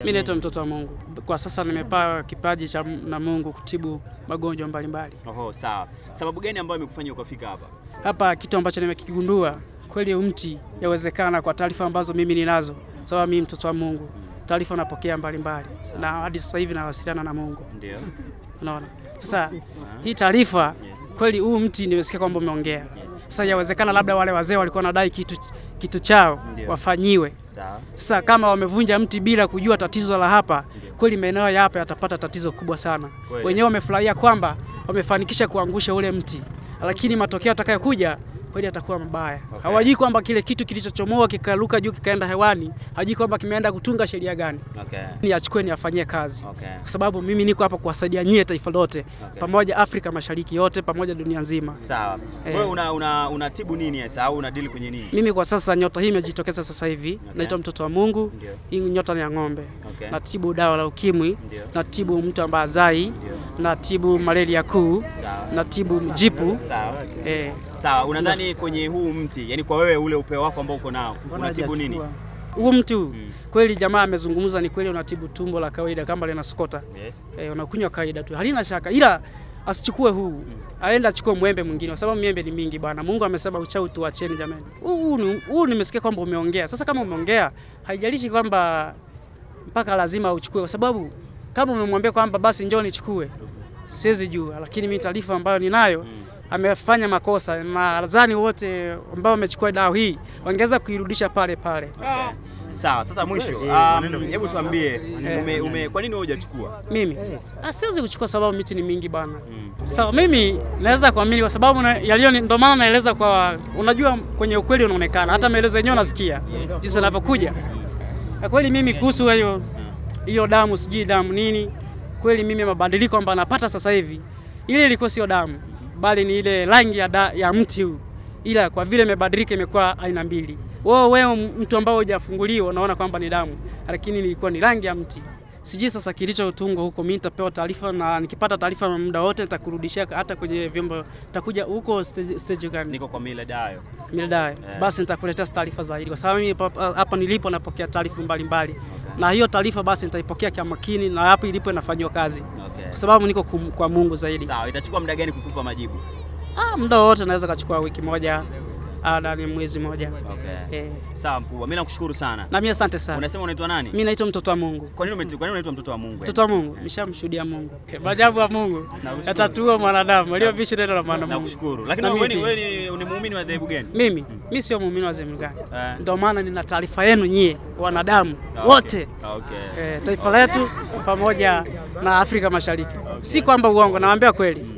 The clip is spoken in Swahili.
Mimi naitwa mtoto wa Mungu. Kwa sasa nimepaa kipaji cha na Mungu kutibu magonjwa mbalimbali. Oho, sawa. Sababu gani ambayo imekufanya ukafika hapa? Hapa kitu ambacho nimekigundua kweli, mti yawezekana, kwa taarifa ambazo mimi ninazo, sababu mimi mtoto wa Mungu, taarifa napokea mbalimbali na hadi sasa hivi nawasiliana na Mungu. Ndio. Unaona? Sasa hii taarifa kweli, huu mti nimesikia kwamba umeongea. Sasa yawezekana labda wale wazee walikuwa wanadai kitu kitu chao wafanyiwe sasa kama wamevunja mti bila kujua tatizo la hapa, kweli maeneo ya hapa yatapata tatizo kubwa sana. Wenyewe wamefurahia kwamba wamefanikisha kuangusha ule mti, lakini matokeo atakayokuja kweli atakuwa mabaya. Okay. Hawajui kwamba kile kitu kilichochomoa kikaruka juu kikaenda hewani, hajui kwamba kimeenda kutunga sheria gani. Okay. Ni achukue ni afanyie kazi. Okay. Kwa sababu mimi niko hapa kuwasaidia nyie taifa lote, okay. pamoja Afrika Mashariki yote, pamoja dunia nzima. Sawa. Eh. Wewe eh. una, una, unatibu nini sasa au una deal kwenye nini? Mimi kwa sasa nyota hii imejitokeza sasa hivi. Okay. Naitwa mtoto wa Mungu. Hii nyota ni ya ng'ombe. Okay. Natibu dawa la ukimwi. Ndiyo. Natibu mtu ambaye azai. Ndiyo. Natibu malaria kuu. Natibu mjipu. Sawa. Eh. Sawa. Unadhani gani kwenye huu mti? Yaani kwa wewe ule upeo wako ambao uko nao unatibu nini? huu mti huu mm. kweli jamaa amezungumza, ni kweli unatibu tumbo la kawaida kama linasokota yes. Eh, unakunywa kawaida tu, halina shaka, ila asichukue huu mm. Aenda achukue mwembe mwingine, kwa sababu miembe ni mingi bwana. Mungu amesema uchawi tuacheni jamani. Huu huu nimesikia kwamba umeongea. Sasa kama umeongea, haijalishi kwamba mpaka lazima uchukue, kwa sababu kama umemwambia kwamba basi njoo nichukue, siwezi jua, lakini mimi taarifa ambayo ninayo mm amefanya makosa. Nadhani wote ambao wamechukua dawa hii wangeweza kuirudisha pale pale. Ah. Sawa, sasa mwisho, um, hebu um, tuambie eh. ume, ume, kwa nini wewe hujachukua? Mimi eh, ah, siwezi kuchukua sababu miti ni mingi bana. Mm. Sawa, mimi naweza kuamini kwa sababu yaliyo, ndio maana naeleza kwa, unajua kwenye ukweli unaonekana, hata maelezo yenyewe unasikia jinsi anavyokuja. kweli mimi kuhusu hiyo hiyo damu, sijui damu nini, kweli mimi mabadiliko ambayo napata sasa hivi, ile ilikuwa sio damu bali ni ile rangi ya, ya mti huu, ila kwa vile imebadilika imekuwa aina mbili. Wewe wewe mtu ambao hujafunguliwa unaona kwamba ni damu, lakini ilikuwa ni rangi ya mti. Sijui sasa kilicho utungo huko, mimi nitapewa taarifa na nikipata taarifa muda wote nitakurudishia hata kwenye vyombo. Nitakuja huko stage, stage gani? Niko kwa Miledayo. Miledayo. Yeah. Basi nitakuletea taarifa zaidi, kwa sababu mimi hapa nilipo napokea taarifa mbalimbali. Okay na hiyo taarifa basi nitaipokea kwa makini na hapo ilipo inafanywa kazi okay. kwa sababu niko kum, kwa Mungu zaidi. Sawa, itachukua muda gani kukupa majibu? Ah, muda wote naweza kachukua wiki moja Ah, ndani ya mwezi mmoja. Okay. Eh. Sawa mkubwa, mimi nakushukuru sana. Na mimi asante sana. Unasema unaitwa nani? Mimi naitwa mtoto wa Mungu. Kwa nini umeitwa? Kwa nini unaitwa mtoto wa Mungu? Mtoto wa Mungu, nishamshuhudia Mungu. Maajabu ya Mungu yatatua mwanadamu aliyovishi neno la maana Nakushukuru. Lakini wewe wewe ni muumini wa dhehebu gani? Mimi, mimi sio muumini wa dhehebu gani. Eh. Ndio maana nina taarifa yenu nyie wanadamu ah, wote. Ah, okay. Eh, taifa letu pamoja na Afrika Mashariki. Si kwamba uongo, nawaambia kweli. Mm.